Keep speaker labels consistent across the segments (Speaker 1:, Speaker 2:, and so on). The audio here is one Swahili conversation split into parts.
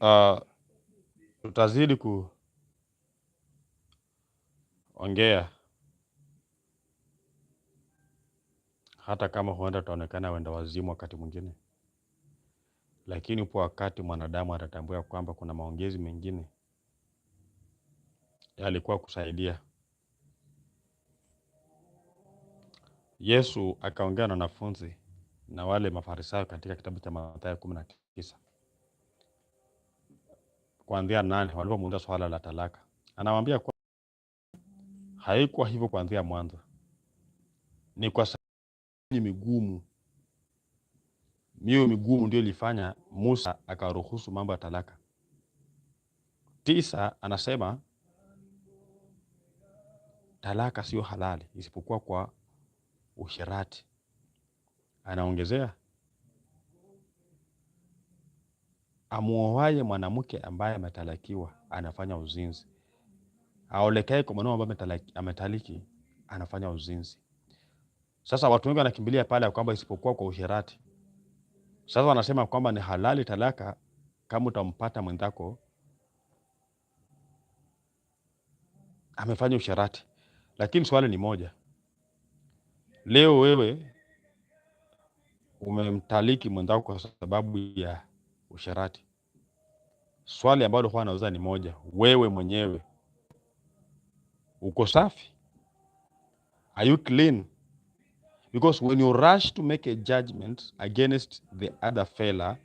Speaker 1: uh, tutazidi kuongea hata kama huenda tutaonekana wenda wazimu wakati mwingine, lakini upo wakati mwanadamu atatambua kwamba kuna maongezi mengine yalikuwa kusaidia. Yesu akaongea na wanafunzi na wale Mafarisayo katika kitabu cha Mathayo kumi na tisa kuanzia nane walipomuuliza swala la talaka, anawaambia kwa haikuwa hivyo kuanzia mwanzo, ni kwa sababu migumu mioyo migumu ndio ilifanya Musa akaruhusu mambo ya talaka. Tisa anasema talaka sio halali isipokuwa kwa ushirati, anaongezea amuoaye mwanamke ambaye ametalakiwa anafanya uzinzi, aolekae kwa mwanaume ambaye ametaliki anafanya uzinzi. Sasa watu wengi wanakimbilia pale ya kwamba isipokuwa kwa usherati. Sasa wanasema kwamba ni halali talaka kama utampata mwenzako amefanya usherati, lakini swali ni moja. Leo wewe umemtaliki mwenzako kwa sababu ya usharati. Swali ambalo huwa anauliza ni moja, wewe mwenyewe uko safi? Are you clean? Because when you rush to make a judgment against the other fella,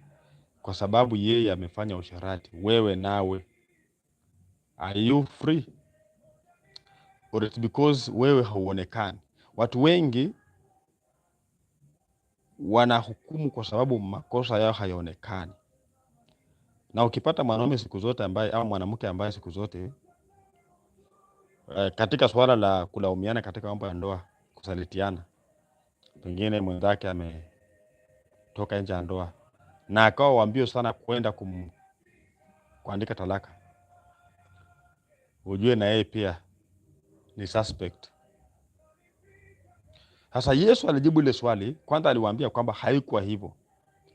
Speaker 1: kwa sababu yeye amefanya usharati, wewe nawe, are you free or it's because wewe hauonekani? Watu wengi wanahukumu kwa sababu makosa yao hayaonekani na ukipata mwanaume siku zote ambaye au mwanamke ambaye siku zote eh, katika swala la kulaumiana katika mambo ya ndoa, kusalitiana, pengine mwenzake ametoka nje ya ndoa na akawa wambio sana kwenda kum, kuandika talaka, ujue na yeye pia ni suspect. Sasa Yesu alijibu ile swali kwanza, aliwaambia kwamba haikuwa hivyo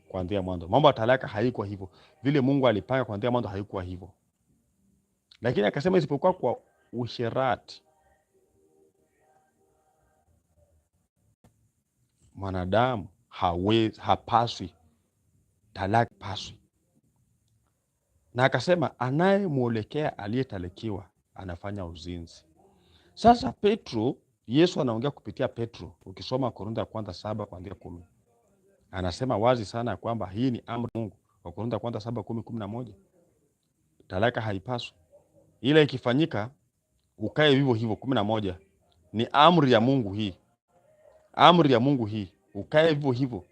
Speaker 1: kuanzia mwanzo. Mambo ya talaka haikuwa hivyo vile Mungu alipanga, kuanzia mwanzo haikuwa hivyo, lakini akasema isipokuwa kwa usherati mwanadamu hawezi, hapaswi talaka paswi. Na akasema anayemwelekea aliyetalikiwa anafanya uzinzi. Sasa Petro, Yesu anaongea kupitia Petro, ukisoma Korintho ya kwanza saba kuanzia kumi anasema wazi sana kwamba hii ni amri ya Mungu. Wakorintho wa kwanza saba kumi kumi na moja. Talaka haipaswi, ila ikifanyika ukae vivyo hivyo. kumi na moja ni amri ya Mungu hii, amri ya Mungu hii, ukae vivyo hivyo.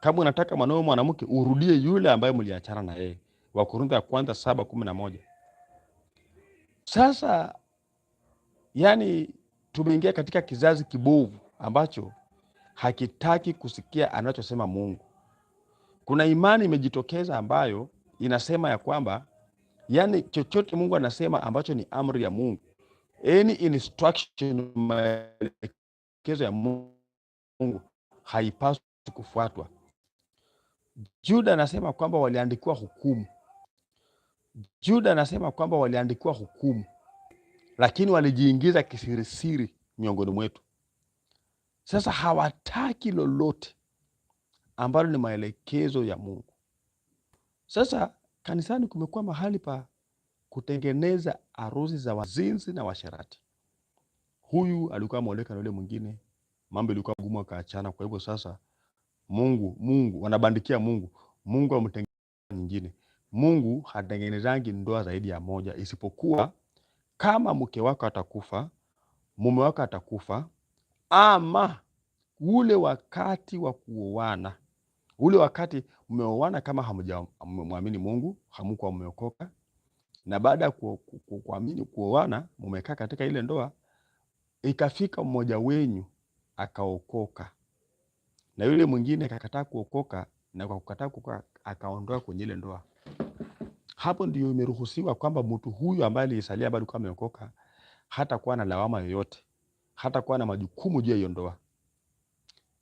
Speaker 1: Kama unataka mwanaume mwanamke, urudie yule ambaye mliachana na yeye. Wakorintho ya kwanza saba kumi na moja. Sasa yani tumeingia katika kizazi kibovu ambacho hakitaki kusikia anachosema Mungu. Kuna imani imejitokeza ambayo inasema ya kwamba yani chochote Mungu anasema ambacho ni amri ya Mungu, any instruction, maelekezo ya Mungu haipaswi kufuatwa. Juda anasema kwamba waliandikiwa hukumu. Juda anasema kwamba waliandikiwa hukumu, lakini walijiingiza kisirisiri miongoni mwetu. Sasa hawataki lolote ambalo ni maelekezo ya Mungu. Sasa kanisani kumekuwa mahali pa kutengeneza arusi za wazinzi na washerati. Huyu alikuwa ameoleka na yule mwingine, mambo ilikuwa gumu, akaachana. Kwa hivyo sasa Mungu Mungu wanabandikia Mungu, Mungu amtengeneza nyingine. Mungu hatengenezangi ndoa zaidi ya moja, isipokuwa kama mke wako atakufa, mume wako atakufa ama ule wakati wa kuoana, ule wakati mmeoana, kama hamjamwamini Mungu, hamkuwa mmeokoka, na baada ya kuamini kuoana, mmekaa katika ile ndoa, ikafika mmoja wenyu akaokoka na yule mwingine akakataa kuokoka, na kwa kukataa kuokoka akaondoka kwenye ile ndoa. Hapo ndio imeruhusiwa kwamba mtu huyu ambaye alisalia bado kama ameokoka kuwa na lawama yoyote hata kuwa na majukumu juu ya hiyo ndoa.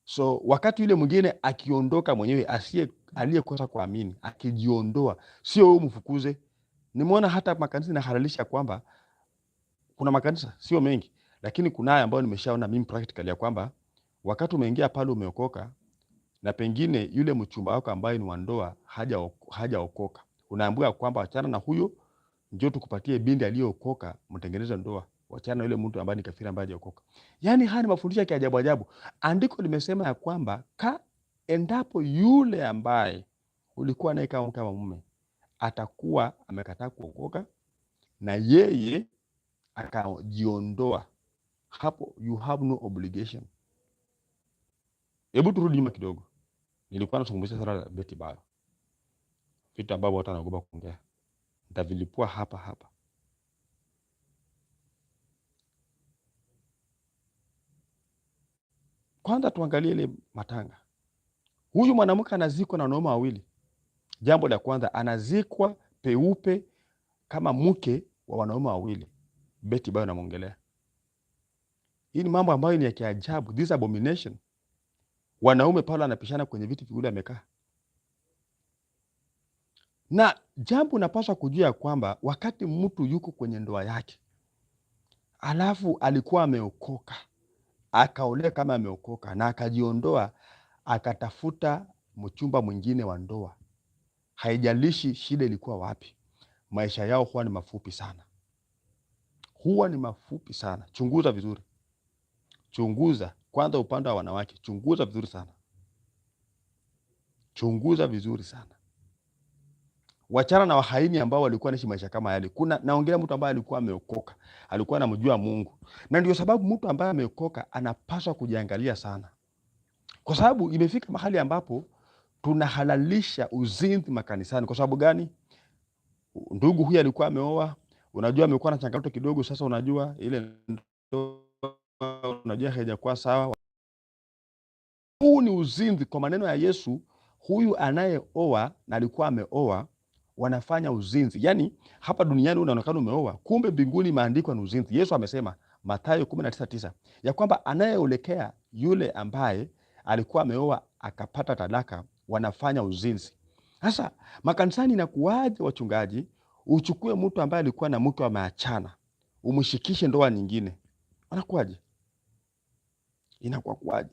Speaker 1: So wakati yule mwingine akiondoka mwenyewe, asiye aliyekosa kuamini akijiondoa, sio wewe umfukuze. Nimeona hata makanisa nahalalisha kwamba kuna makanisa sio mengi, lakini kuna haya ambayo nimeshaona mimi practically ya kwamba wakati umeingia pale umeokoka, na pengine yule mchumba wako ambaye ni wa ndoa hajaokoka, haja unaambiwa kwamba achana na huyo, njoo tukupatie binti aliyeokoka, mtengeneze ndoa wachana yule mtu ambaye ni kafiri ambaye hajaokoka. Yaani haya ni mafundisho ya kiajabu ajabu. Andiko limesema ya kwamba ka endapo yule ambaye ulikuwa naye kama kama mume atakuwa amekataa kuokoka na yeye akajiondoa, hapo you have no obligation. Hebu turudi nyuma kidogo, nilikuwa nazungumzia swala la beti bayo, vitu ambavyo watu wanaogopa kuongea, nitavilipua hapa hapa. Kwanza tuangalie ile matanga. Huyu mwanamke anazikwa na wanaume wawili. Jambo la kwanza, anazikwa peupe kama mke wa wanaume wawili, Beti bayo namwongelea. Hii ni mambo ambayo ni ya kiajabu, this abomination. Wanaume pale anapishana kwenye viti viwili amekaa, na jambo unapaswa kujua ya kwamba wakati mtu yuko kwenye ndoa yake alafu alikuwa ameokoka akaolewa kama ameokoka na akajiondoa akatafuta mchumba mwingine wa ndoa, haijalishi shida ilikuwa wapi. Maisha yao huwa ni mafupi sana, huwa ni mafupi sana. Chunguza vizuri, chunguza kwanza upande wa wanawake, chunguza vizuri sana, chunguza vizuri sana wachana na wahaini ambao walikuwa naishi maisha kama yale. Kuna naongelea mtu ambaye alikuwa ameokoka, alikuwa anamjua Mungu, na ndio sababu mtu ambaye ameokoka anapaswa kujiangalia sana, kwa sababu imefika mahali ambapo tunahalalisha uzinzi makanisani. Kwa sababu gani? Ndugu huyu alikuwa ameoa, unajua amekuwa na changamoto kidogo, sasa unajua ile ndoa, unajua haijakuwa sawa. Huu ni uzinzi. Kwa maneno ya Yesu, huyu anayeoa na alikuwa ameoa wanafanya uzinzi. Yaani hapa duniani unaonekana umeoa, kumbe mbinguni maandiko ni uzinzi. Yesu amesema Mathayo 19:9 ya kwamba anayeolekea yule ambaye alikuwa ameoa akapata talaka wanafanya uzinzi. Sasa makanisani inakuwaje, wachungaji, uchukue mtu ambaye alikuwa na mke ameachana umshikishe ndoa nyingine? Anakuwaje? Inakuwa kuwaje?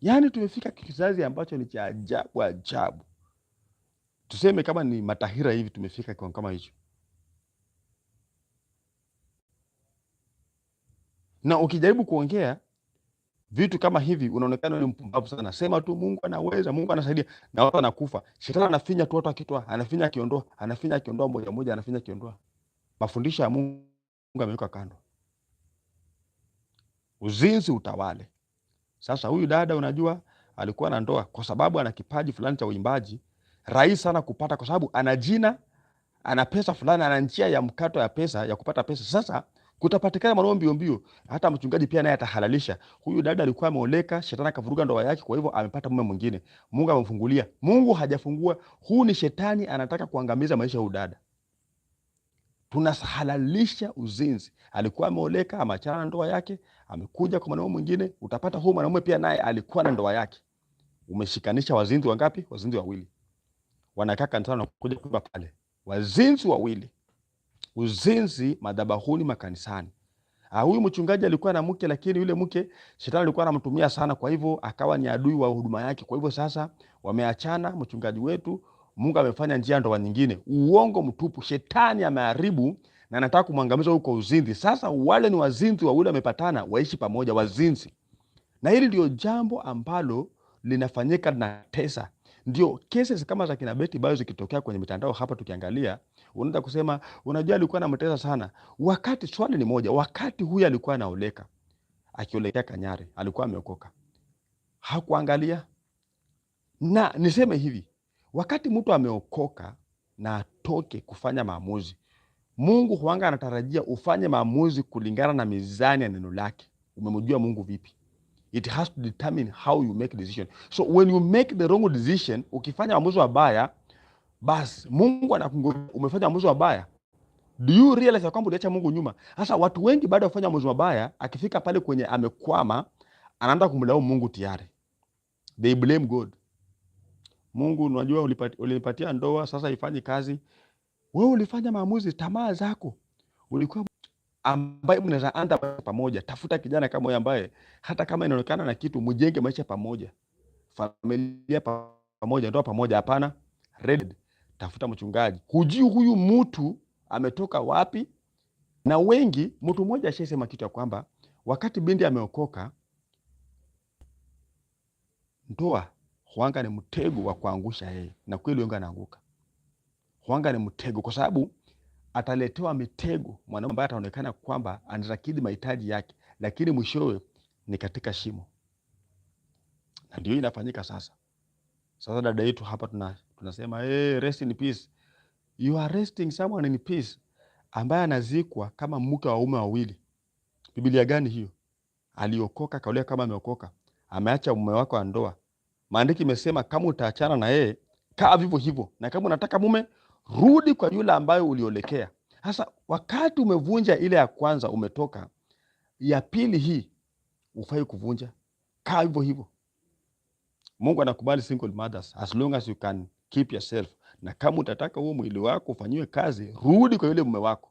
Speaker 1: Yaani tumefika kizazi ambacho ni cha ajabu ajabu tuseme kama ni matahira hivi, tumefika kiwango kama hicho. Na ukijaribu kuongea vitu kama hivi, unaonekana ni mpumbavu sana. Sema tu Mungu anaweza, Mungu anasaidia, na watu anakufa. Shetani anafinya tu watu, akitoa anafinya, akiondoa anafinya, akiondoa moja moja, anafinya, akiondoa. Mafundisho ya Mungu ameweka kando, uzinzi utawale. Sasa huyu dada, unajua alikuwa na ndoa kwa sababu ana kipaji fulani cha uimbaji rahisi sana kupata, kwa sababu ana jina, ana pesa fulani, ana njia ya mkato ya pesa ya kupata pesa. Sasa kutapatikana maneno mbio mbio, hata mchungaji pia naye atahalalisha. Huyu dada alikuwa ameoleka, shetani akavuruga ndoa yake, kwa hivyo amepata mume mwingine. Mungu amemfungulia. Mungu hajafungua, huu ni shetani anataka kuangamiza maisha ya huyu dada. Tunahalalisha uzinzi. Alikuwa ameoleka, ameachana na ndoa yake, amekuja kwa mwanaume mwingine. Utapata huyu mwanaume pia naye alikuwa na ndoa yake. Umeshikanisha wazinzi wangapi? Wazinzi wawili wanakaa kanisani wanakuja kuiba pale. Wazinzi wawili, uzinzi madhabahuni, makanisani. Ah, huyu mchungaji alikuwa na mke, lakini yule mke shetani alikuwa anamtumia sana, kwa hivyo akawa ni adui wa huduma yake. Kwa hivyo sasa wameachana, mchungaji wetu Mungu amefanya njia ndoa nyingine, uongo mtupu. Shetani ameharibu na anataka kumwangamiza huko uzinzi. Sasa wale ni wazinzi wawili wamepatana, waishi pamoja, wazinzi. Na hili ndio jambo ambalo linafanyika na pesa. Ndio cases kama za kina Betty Bayo zikitokea kwenye mitandao hapa, tukiangalia, unaweza kusema unajua, alikuwa anamteza sana, wakati swali ni moja, wakati huyu alikuwa anaoleka akiolekea Kanyare alikuwa ameokoka, hakuangalia. Na niseme hivi, wakati mtu ameokoka na atoke kufanya maamuzi, Mungu huanga anatarajia ufanye maamuzi kulingana na mizani ya neno lake. Umemjua Mungu vipi? It has to determine how you make decision. So when you make the wrong decision, ukifanya maamuzi mabaya, basi Mungu anakungoja. Umefanya maamuzi mabaya, do you realize ya kwamba uliacha Mungu nyuma? Sasa watu wengi baada ya kufanya maamuzi mabaya, akifika pale kwenye amekwama, anaanza kumlaumu Mungu tayari, they blame God. Mungu, unajua ulinipatia ndoa, sasa ifanye kazi. Wewe ulifanya maamuzi, tamaa zako ulikuwa ambaye mnaweza anza pamoja. Tafuta kijana kama huyo ambaye hata kama inaonekana na kitu, mjenge maisha pamoja, familia pamoja, ndoa pamoja. Hapana, red tafuta mchungaji, hujui huyu mtu ametoka wapi. Na wengi, mtu mmoja ashasema kitu ya kwamba wakati bindi ameokoka, ndoa huanga ni mtego wa kuangusha yeye, na kweli wengi anaanguka. Huanga ni mtego kwa sababu ataletewa mitego mwanaume ambaye ataonekana kwamba anarakidhi mahitaji yake, lakini mwishowe ni katika shimo, na ndio inafanyika sasa. Sasa dada yetu hapa tuna, tunasema hey, rest in peace. You are resting someone in peace ambaye anazikwa kama mke wa ume wawili. Biblia gani hiyo? Aliokoka kaulia kama ameokoka, ameacha mume wako wa ndoa. Maandiki imesema kama utaachana na yeye kaa vivyo hivyo, na kama unataka mume rudi kwa yule ambayo uliolekea. Sasa wakati umevunja ile ya kwanza, umetoka ya pili, hii ufai kuvunja, kaa hivyo hivyo. Mungu anakubali single mothers as long as you can keep yourself. Na kama utataka huo mwili wako ufanyiwe kazi, rudi kwa yule mume wako,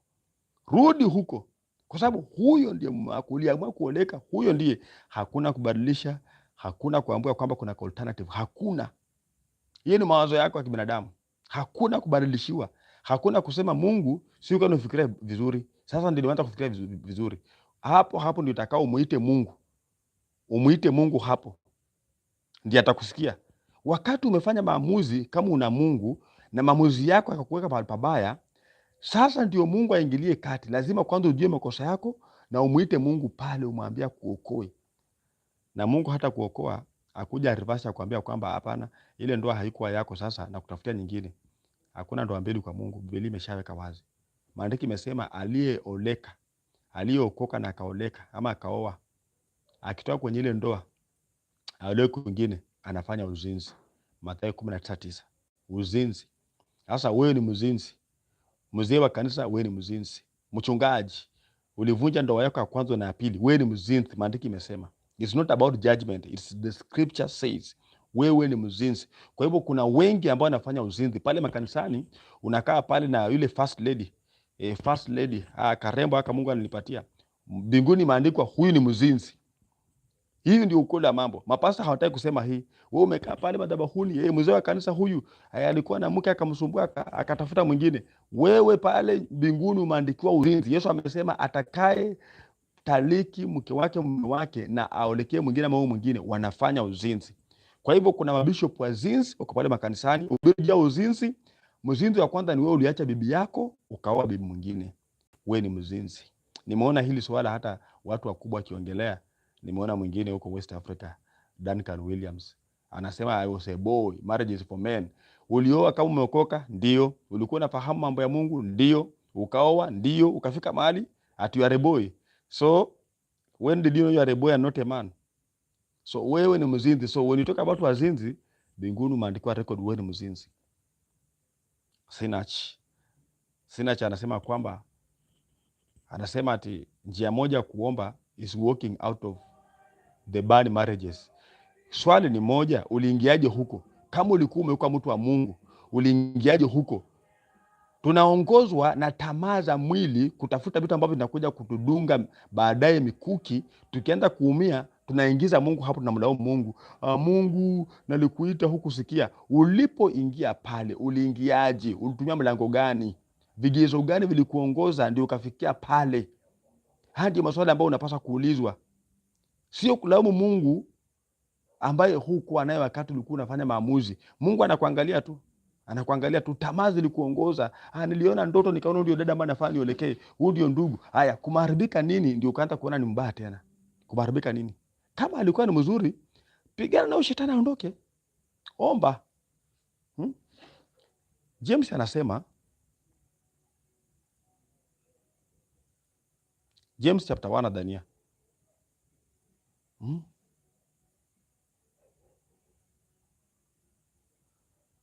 Speaker 1: rudi huko, kwa sababu huyo ndiye mume wako uliamua kuoleka, huyo ndiye. Hakuna kubadilisha, hakuna kuambua kwamba kuna alternative, hakuna. Hiyo ni mawazo yako ya kibinadamu. Hakuna kubadilishiwa, hakuna kusema Mungu si uko vizuri, sasa ndio nimeanza kufikiria vizuri. Hapo hapo ndio utakao umuite Mungu, umuite Mungu, hapo ndio atakusikia. Wakati umefanya maamuzi, kama una Mungu na maamuzi yako yakakuweka mahali pabaya, sasa ndio Mungu aingilie kati. Lazima kwanza ujue makosa yako na umuite Mungu pale, umwambia kuokoe, na Mungu hata kuokoa akuja reverse akwambia kwamba hapana, ile ndoa haikuwa yako, sasa na kutafutia nyingine. Hakuna ndoa mbili kwa Mungu, Biblia imeshaweka wazi. Maandiko imesema aliyeoleka, aliyeokoka na akaoleka ama akaoa, akitoka kwenye ile ndoa aolewe kwingine, anafanya uzinzi. Mathayo 19:9 uzinzi. Sasa wewe ni mzinzi, mzee wa kanisa, wewe ni mzinzi. Mchungaji, ulivunja ndoa yako ya kwanza na ya pili, wewe ni mzinzi, maandiko imesema It's not about judgment. It's the scripture says wewe ni mzinzi. Kwa hivyo kuna wengi ambao wanafanya uzinzi pale makanisani, unakaa pale na yule first lady e, first lady ah, karembo aka Mungu alinipatia mbinguni, imeandikwa huyu ni mzinzi. Hii ndio ukweli wa mambo. Mapasta hawataki kusema hii. Wewe umekaa pale madhabahuni, yeye eh, mzee wa kanisa huyu eh, alikuwa na mke akamsumbua akatafuta mwingine. Wewe pale mbinguni umeandikiwa uzinzi. Yesu amesema atakaye ataliki mke wake mume wake na aolekee mwingine ama mwingine, wanafanya uzinzi. Kwa hivyo kuna mabishop wa zinzi wako pale makanisani, ubirija uzinzi. Mzinzi wa kwanza ni wewe, uliacha bibi yako ukaoa bibi mwingine, wewe ni mzinzi. Nimeona hili swala hata watu wakubwa wakiongelea. Nimeona mwingine huko West Africa, Duncan Williams anasema I was a boy, marriage is for men. Ulioa kama umeokoka? Ndio. Ulikuwa unafahamu mambo ya Mungu? Ndio. Ukaoa? Ndio. Ukafika mahali at you are a boy. So when did you know you are a boy and not a man? So wewe ni mzinzi. So when you talk about wazinzi, mbinguni umeandikiwa record, wewe ni mzinzi. Sinach Sinach anasema kwamba anasema ati njia moja kuomba is walking out of the bad marriages. Swali ni moja, uliingiaje huko? Kama ulikuwa umekuwa mtu wa Mungu, uliingiaje huko? tunaongozwa na tamaa za mwili kutafuta vitu ambavyo vinakuja kutudunga baadaye mikuki. Tukienda kuumia, tunaingiza Mungu hapo, tunamlaumu Mungu. Uh, Mungu nalikuita hukusikia. Ulipoingia pale uliingiaje? Ulitumia mlango gani? Vigezo gani vilikuongoza ndio ukafikia pale? Haya ndio maswali ambayo unapaswa kuulizwa, sio kulaumu Mungu ambaye hukuwa naye wakati ulikuwa unafanya maamuzi. Mungu anakuangalia tu anakuangalia tu, tamaa zilikuongoza. Ah, niliona ndoto nikaona ndio dada, maana fani nielekee, huyu ndio ndugu. Haya, kumaharibika nini? Ndio ukaanza kuona ni mbaya tena. Kumaharibika nini? Kama alikuwa ni mzuri, pigana na shetani aondoke, omba. Hmm? James anasema James chapter 1 Dania. Hmm?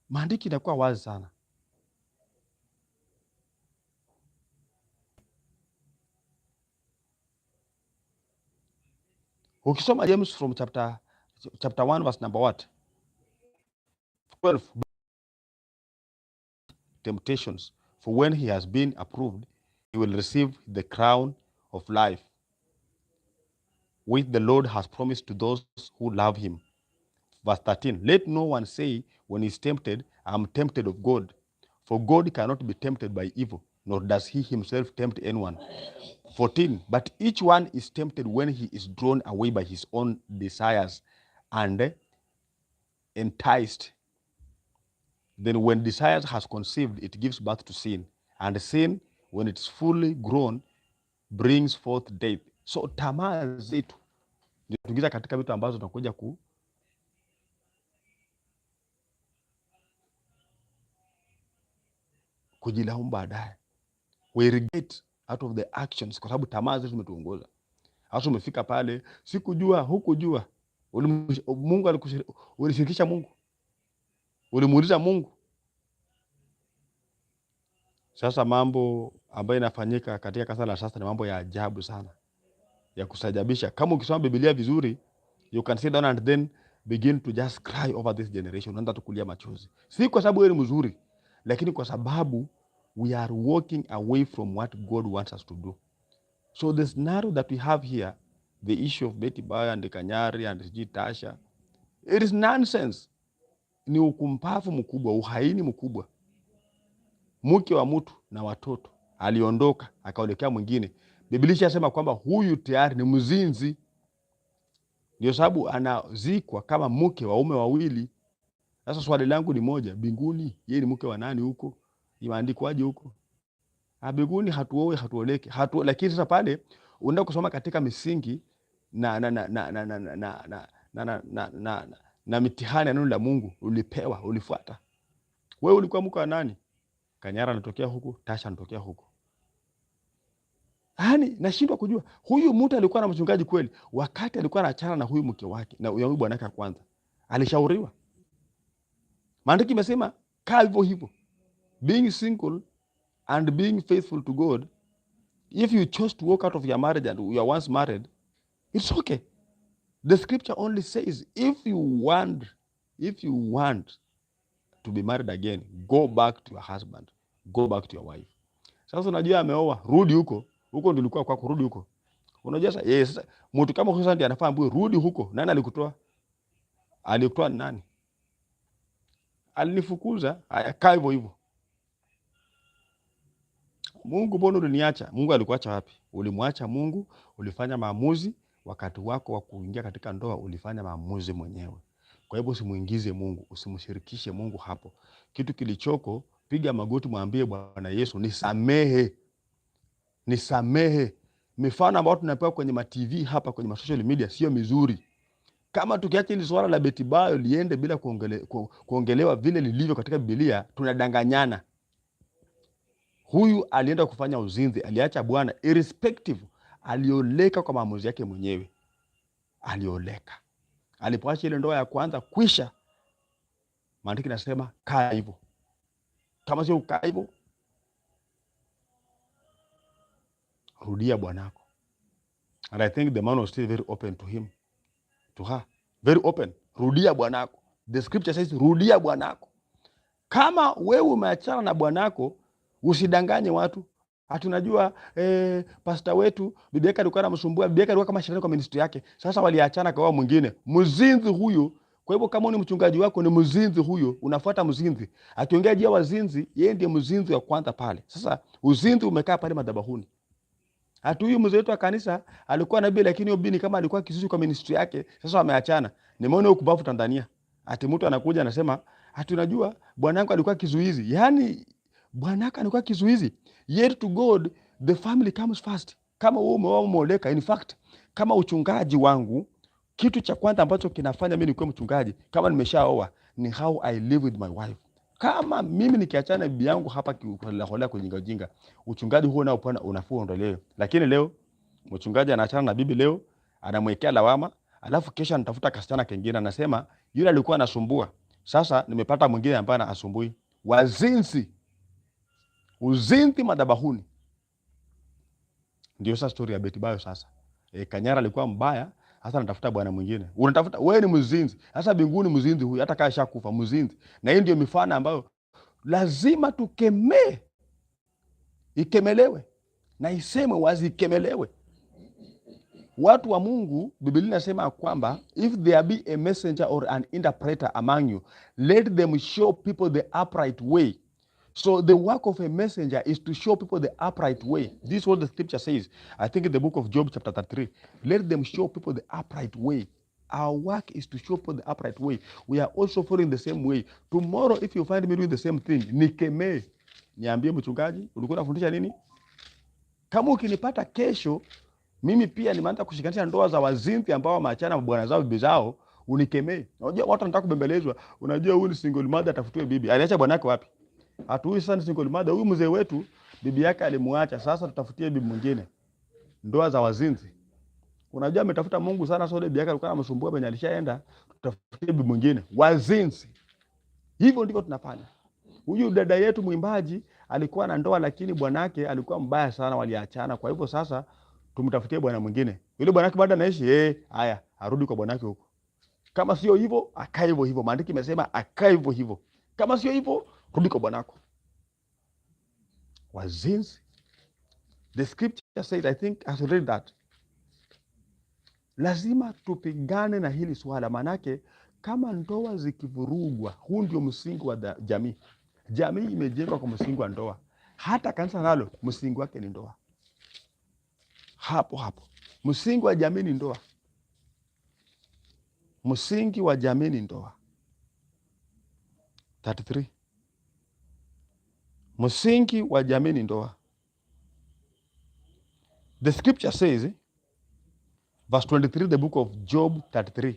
Speaker 1: maandiki inakuwa wazi sana. Ukisoma James from chapter, chapter 1 verse number what 12 temptations for when he has been approved he will receive the crown of life which the Lord has promised to those who love him Verse 13 Let no one say when he is tempted, i'm tempted of God. For God cannot be tempted by evil, nor does he himself tempt anyone. 14 But each one is tempted when he is drawn away by his own desires and enticed. Then, when desire has conceived, it gives birth to sin. And sin, when it's fully grown, brings forth death. So tamaa zetu ndio tuingiza katika vitu ambazo tunakuja kujilaumu baadaye. We regret out of the actions, kwa sababu tamaa zetu zimetuongoza hasa. Umefika pale, sikujua, hukujua. Mungu alikushirikisha Mungu, ulimuuliza Mungu. Sasa mambo ambayo inafanyika katika kanisa la sasa ni mambo ya ajabu sana, ya kusajabisha. Kama ukisoma Biblia vizuri, you can sit down and then begin to just cry over this generation. Unaanza tukulia machozi, si kwa sababu wewe ni mzuri lakini kwa sababu we are walking away from what God wants us to do. So the scenario that we have here, the issue of Betty Bayo and Kanyari and Sijui Tasha, it is nonsense. Ni ukumpavu mkubwa, uhaini mkubwa. Mke wa mtu na watoto aliondoka akaelekea mwingine. Biblia inasema kwamba huyu tayari ni mzinzi, ndio sababu anazikwa kama mke waume wawili. Sasa swali langu ni moja, binguni yeye ni mke wa nani huko? Imeandikwaje huko? Ah, binguni hatuoe, hatuoleke. Hatu, lakini sasa pale unaenda kusoma katika misingi na na na na na na na na na na na na na mitihani ya neno la Mungu ulipewa, ulifuata. Wewe ulikuwa mke wa nani? Kanyara anatokea huko, Tasha anatokea huko. Yaani nashindwa kujua huyu mtu alikuwa na mchungaji kweli wakati alikuwa anaachana na huyu mke wake na huyu bwanake kwanza. Alishauriwa Maandiki imesema kaa hivyo hivyo, being single and being faithful to God. If you chose to walk out of your marriage and you are once married, it's okay. The scripture only says if you want, if you want to be married again, go back to your husband, go back to your wife. Sasa unajua ameoa, rudi huko huko, ndio ulikuwa kwako, rudi huko. Unajua sasa, yes, eh, mtu kama huyo ndiye anafaa ambue, rudi huko. Nani alikutoa? Alikutoa nani? alinifukuza, ayakaa hivyo hivyo. Mungu, mbona uliniacha? Mungu alikuacha wapi? Ulimwacha Mungu, ulifanya maamuzi. Wakati wako wa kuingia katika ndoa ulifanya maamuzi mwenyewe. Kwa hivyo usimuingize Mungu, usimshirikishe Mungu hapo. Kitu kilichoko, piga magoti, mwambie Bwana Yesu, nisamehe, nisamehe. Mifano ambayo tunapewa kwenye matv hapa kwenye social media sio mizuri. Kama tukiacha hili swala la beti bayo liende bila kuongele, ku, kuongelewa vile lilivyo katika Biblia, tunadanganyana. Huyu alienda kufanya uzinzi, aliacha Bwana irrespective, alioleka kwa maamuzi yake mwenyewe, alioleka alipoacha ile ndoa ya kwanza kwisha. Maandiko inasema kaa hivyo, kama sio kaa hivyo, rudia bwanako. And I think the man was still very open to him to her very open, rudia bwanako. The scripture says rudia bwanako. Kama wewe umeachana na bwanako, usidanganye watu. Hatunajua eh, pasta wetu bibi yake alikuwa anamsumbua, bibi yake alikuwa kama shetani kwa ministry yake. Sasa waliachana kwa wao mwingine. Mzinzi huyo. Kwa hivyo kama ni mchungaji wako ni mzinzi huyo, unafuata mzinzi. Akiongea juu ya wazinzi, yeye ndiye mzinzi wa kwanza pale. Sasa uzinzi umekaa pale madhabahuni. Hata huyu mzee wetu wa kanisa alikuwa nabii, lakini ubini kama alikuwa kisusi kwa ministry yake, sasa wameachana. Nimeona huko bafu Tanzania, ati mtu anakuja anasema ati unajua bwana yangu alikuwa kizuizi. Yaani bwana yako alikuwa kizuizi. Yet to God the family comes first. Kama wewe umeoa umeoleka, in fact kama uchungaji wangu, kitu cha kwanza ambacho kinafanya mimi nikuwe mchungaji kama nimeshaoa ni how I live with my wife. Kama mimi nikiachana bibi yangu hapa kiholela kwenye jinga jinga, uchungaji huo nao pana unafua ondolewe. Lakini leo mchungaji anaachana na bibi leo, anamwekea lawama, alafu kesho anatafuta kasichana kengine, anasema yule alikuwa anasumbua, sasa nimepata mwingine ambaye anasumbui. Wazinzi, uzinzi madhabahuni, ndio sasa story ya Betty Bayo. Sasa e, Kanyara alikuwa mbaya Hasa natafuta bwana mwingine. Unatafuta wewe ni mzinzi. Hasa binguni mzinzi huyu hata kaa shakufa mzinzi. Na hii ndio mifano ambayo lazima tukemee. Ikemelewe na isemwe wazi ikemelewe. Watu wa Mungu, Biblia inasema kwamba if there be a messenger or an interpreter among you, let them show people the upright way. So the work of a messenger is to show people the upright way. This is what the scripture says. I think in the book of Job, chapter 33. Let them show people the upright way. Our work is to show people the upright way. We are also following the same way. Tomorrow, if you find me doing the same thing, nikeme. niambie mchungaji, ulikuwa unafundisha nini? Kama ukinipata kesho, mimi pia nimeanza kushikanisha ndoa za wazinzi ambao wameachana bwana zao bibi zao, unikemee. Unajua watu wanataka kubembelezwa. Unajua huyu ni single mother, atafutiwe bibi. Aliacha bwanake wapi? Hatuhuyu sasa single mother. Huyu mzee wetu bibi yake alimwacha, sasa tutafutie bibi mwingine. Ndoa za wazinzi. Unajua ametafuta Mungu sana, sio bibi yake alikuwa anamsumbua penye alishaenda, tutafutie bibi mwingine. Wazinzi. Hivyo ndivyo tunafanya. Huyu dada yetu mwimbaji alikuwa na ndoa, lakini bwanake alikuwa mbaya sana, waliachana. Kwa hivyo sasa tumtafutie bwana mwingine. Yule bwanake bado anaishi, eh, haya arudi kwa bwanake huko. Kama sio hivyo, akae hivyo hivyo. Maandiki imesema akae hivyo hivyo. Kama sio hivyo Rudi kwa bwanako. Wazinzi. The scripture said, I think I read that. Lazima tupigane na hili swala, maanake kama ndoa zikivurugwa, huu ndio msingi wa jamii. Jamii imejengwa kwa msingi wa ndoa. Hata kanisa nalo msingi wake ni ndoa. Hapo hapo msingi wa jamii ni ndoa. Msingi wa jamii ni ndoa. 33 msingi wa jamii ni ndoa. The scripture says verse 23 the book of Job 33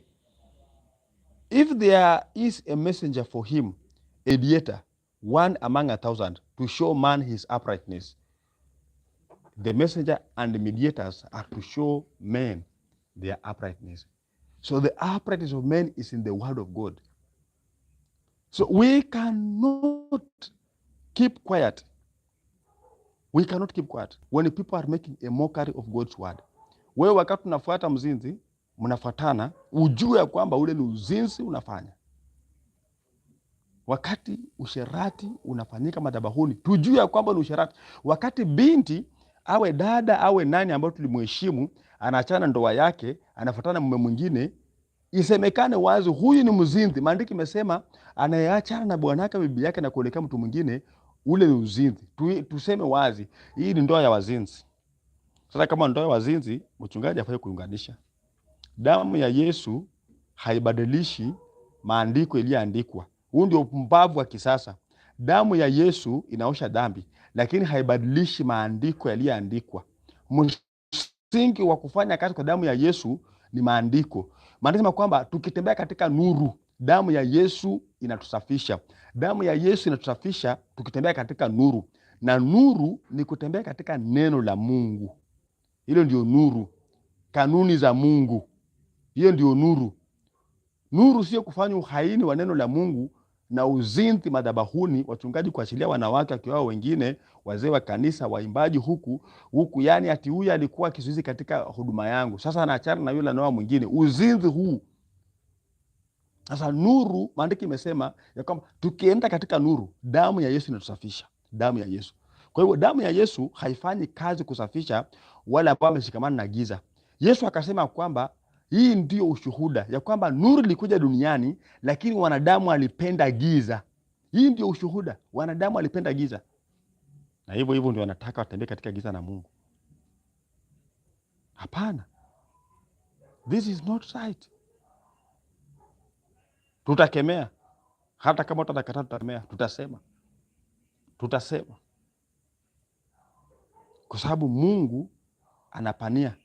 Speaker 1: if there is a messenger for him a mediator one among a thousand to show man his uprightness the messenger and the mediators are to show men their uprightness so the uprightness of men is in the word of God so we cannot keep quiet. We cannot keep quiet when people are making a mockery of God's word. Wewe wakati unafuata mzinzi, mnafuatana, ujue ya kwamba ule ni uzinzi unafanya. Wakati usherati unafanyika madhabahuni, tujue ya kwamba ni usherati. Wakati binti awe dada awe nani ambayo tulimheshimu anaachana ndoa yake anafuatana mume mwingine, isemekane wazi huyu ni mzinzi. Maandiki imesema anayeachana na bwanake bibi yake na kuelekea mtu mwingine, ule ni uzinzi. Tu, tuseme wazi, hii ni ndoa ya wazinzi. Sasa kama ndoa ya wazinzi, mchungaji afanye kuunganisha. Damu ya Yesu haibadilishi maandiko yaliyoandikwa. Huu ndio upumbavu wa kisasa. Damu ya Yesu inaosha dhambi, lakini haibadilishi maandiko yaliyoandikwa. Msingi wa kufanya kazi kwa damu ya Yesu ni maandiko. Maandiko kwamba tukitembea katika nuru, damu ya Yesu inatusafisha. Damu ya Yesu inatusafisha tukitembea katika nuru, na nuru ni kutembea katika neno la Mungu. Hilo ndio nuru, kanuni za Mungu, hiyo ndio nuru. Nuru sio kufanya uhaini wa neno la Mungu na uzinzi madhabahuni, wachungaji kuachilia wanawake wakiwao, wengine wazee wa kanisa, waimbaji huku huku, yani ati huyu alikuwa kizuizi katika huduma yangu, sasa anaachana na yule anaoa mwingine. Uzinzi huu sasa nuru, maandiki imesema ya kwamba tukienda katika nuru, damu ya Yesu inatusafisha, damu ya Yesu. Kwa hivyo damu ya Yesu haifanyi kazi kusafisha wale ambao wameshikamana na giza. Yesu akasema kwamba hii ndio ushuhuda ya kwamba nuru ilikuja duniani, lakini wanadamu walipenda giza. Hii ndio ushuhuda, wanadamu walipenda giza, na hivyo hivyo ndio wanataka watembee katika giza na Mungu. Hapana, this is not right tutakemea, hata kama utatakataa, tutakemea, tutasema, tutasema, kwa sababu Mungu anapania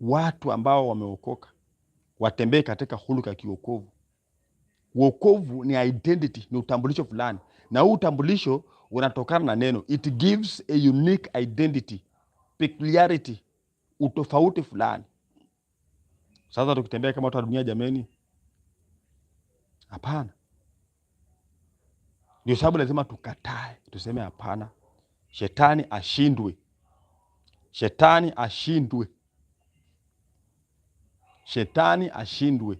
Speaker 1: watu ambao wameokoka watembee katika huluka ya kiokovu. Uokovu ni identity, ni utambulisho fulani, na huu utambulisho unatokana na neno. It gives a unique identity, peculiarity, utofauti fulani. Sasa tukitembea kama watu wa dunia, jameni Hapana. Ndio sababu lazima tukatae, tuseme hapana, shetani ashindwe, shetani ashindwe, shetani ashindwe.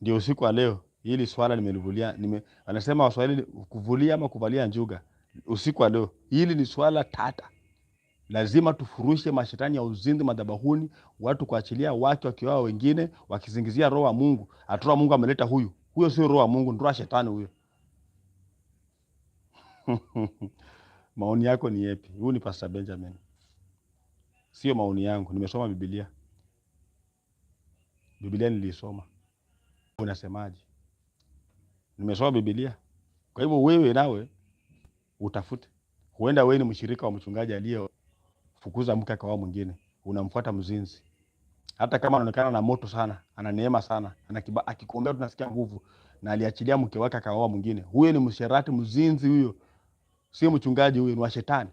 Speaker 1: Ndio usiku wa leo hili swala nimelivulia, nime, anasema Waswahili kuvulia ama kuvalia njuga. Usiku wa leo hili ni swala tata. Lazima tufurushe mashetani ya uzinzi madhabahuni, watu kuachilia wake wakiwao wengine, wakizingizia roho wa Mungu atoa Mungu ameleta huyu. Huyo sio roho wa Mungu, ndoa shetani huyo. maoni yako ni yepi? Huyu ni Pastor Benjamin, sio maoni yangu. Nimesoma Biblia, Biblia nilisoma. Unasemaje? Nimesoma Biblia. Kwa hivyo wewe nawe utafute, huenda wewe ni mshirika wa mchungaji aliye fukuza mke akawao mwingine, unamfuata mzinzi. Hata kama anaonekana na moto sana, ana neema sana, ana akikuombea tunasikia nguvu, na aliachilia mke wake akaoa mwingine, huyo ni msherati, mzinzi huyo, si mchungaji huyo, ni wa shetani.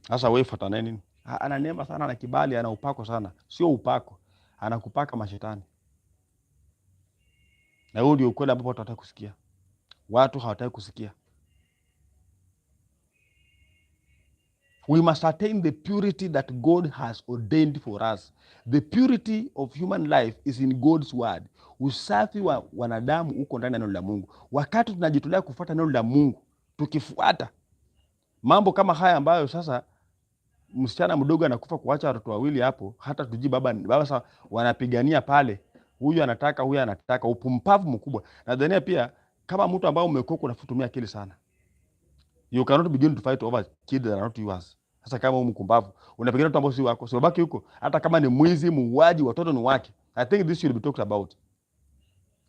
Speaker 1: Sasa wewe fuata nini? Ana neema sana, ana kibali, ana upako sana, sio upako, anakupaka mashetani. Na huyo ndio ukweli ambapo watu hawataki kusikia, watu hawataki kusikia. we must attain the purity that God has ordained for us. The purity of human life is in God's word. Usafi wa wanadamu uko ndani ya neno la Mungu. Wakati tunajitolea kufuata neno la Mungu, tukifuata mambo kama haya ambayo sasa msichana mdogo anakufa kuacha watoto wawili hapo, hata tujui baba baba sasa wanapigania pale, huyu anataka huyu anataka, upumpavu mkubwa. Nadhania pia kama mtu ambaye umekoka unafutumia akili sana You cannot begin to fight over kids that are not yours. Sasa kama wewe mkumbavu, unapigana mtu ambaye si wako. So baki huko hata kama ni mwizi, muuaji, watoto ni wake. I think this should be talked about.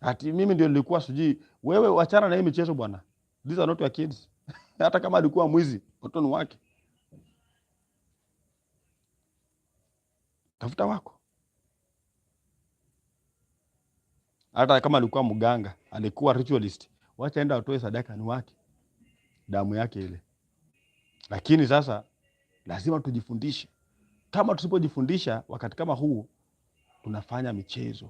Speaker 1: Ati mimi ndio nilikuwa suji, wewe, wachana na hii michezo bwana. These are not your kids. hata kama alikuwa mwizi, watoto ni wake. Tafuta wako. Hata kama alikuwa mganga, alikuwa ritualist, wacha enda atoe sadaka ni wake damu yake ile. Lakini sasa lazima tujifundishe. Kama tusipojifundisha wakati kama huu, tunafanya michezo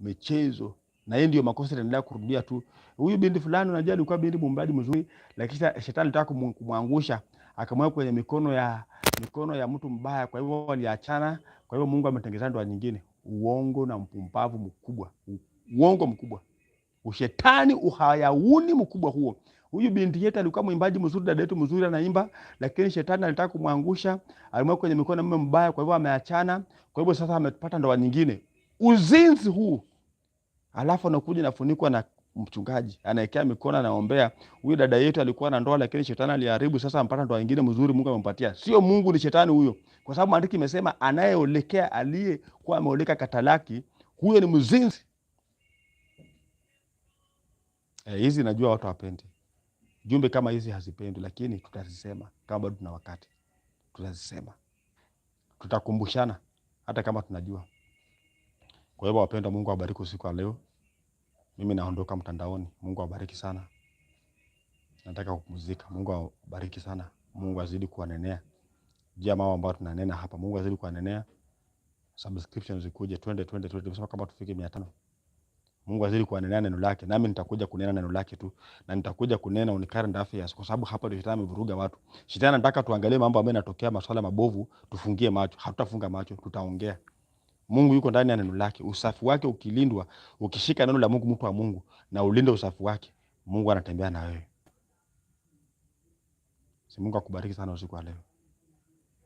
Speaker 1: michezo, na yeye ndio makosa yanaendelea kurudia tu. Huyu binti fulani, unajua alikuwa binti mumbaji mzuri, lakini shetani alitaka kumwangusha, akamweka kwenye mikono ya mikono ya mtu mbaya, kwa hivyo waliachana. Kwa hivyo Mungu ametengeza ndoa nyingine. Uongo na mpumbavu mkubwa, uongo mkubwa, ushetani, uhayauni mkubwa huo Huyu binti yetu alikuwa mwimbaji mzuri, dada yetu mzuri, anaimba, lakini shetani alitaka kumwangusha, alimweka kwenye mikono mume mbaya, kwa hivyo ameachana. Kwa hivyo sasa amepata ndoa nyingine. Uzinzi huu, alafu anakuja nafunikwa na mchungaji anaekea mikono anaombea. Huyu dada yetu alikuwa na ndoa, lakini shetani aliharibu. Sasa ampata ndoa nyingine mzuri, Mungu amempatia. Sio Mungu, ni shetani huyo, kwa sababu maandiki imesema anayeolekea aliyekuwa ameoleka katalaki, huyo ni mzinzi. Eh, hizi e, najua watu wapendi Jumbe kama hizi hazipendwi, lakini tutazisema kama bado tuna wakati, tutazisema, tutakumbushana hata kama tunajua. Kwa hivyo, wapendwa, Mungu awabariki usiku wa leo. Mimi naondoka mtandaoni. Mungu awabariki sana, nataka kupumzika. Mungu awabariki sana, Mungu azidi kuwanenea jia mambo ambayo tunanena hapa. Mungu azidi kuwanenea, subscription zikuje, twende twende twende, tumesema kama tufike mia tano. Mungu azidi kuanenea neno lake, nami nitakuja kunena neno lake tu, na nitakuja kunena unikare current affairs, kwa sababu hapa ndio shetani amevuruga watu. Shetani anataka tuangalie mambo ambayo yanatokea, masuala mabovu, tufungie macho. Hatutafunga macho, tutaongea. Mungu yuko ndani ya neno lake. Usafi wake ukilindwa, ukishika neno la Mungu, mtu wa Mungu, na ulinde usafi wake, Mungu anatembea na wewe. Si Mungu akubariki sana usiku wa leo.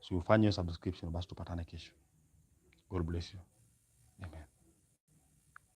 Speaker 1: Si ufanye subscription, basi tupatane kesho. God bless you.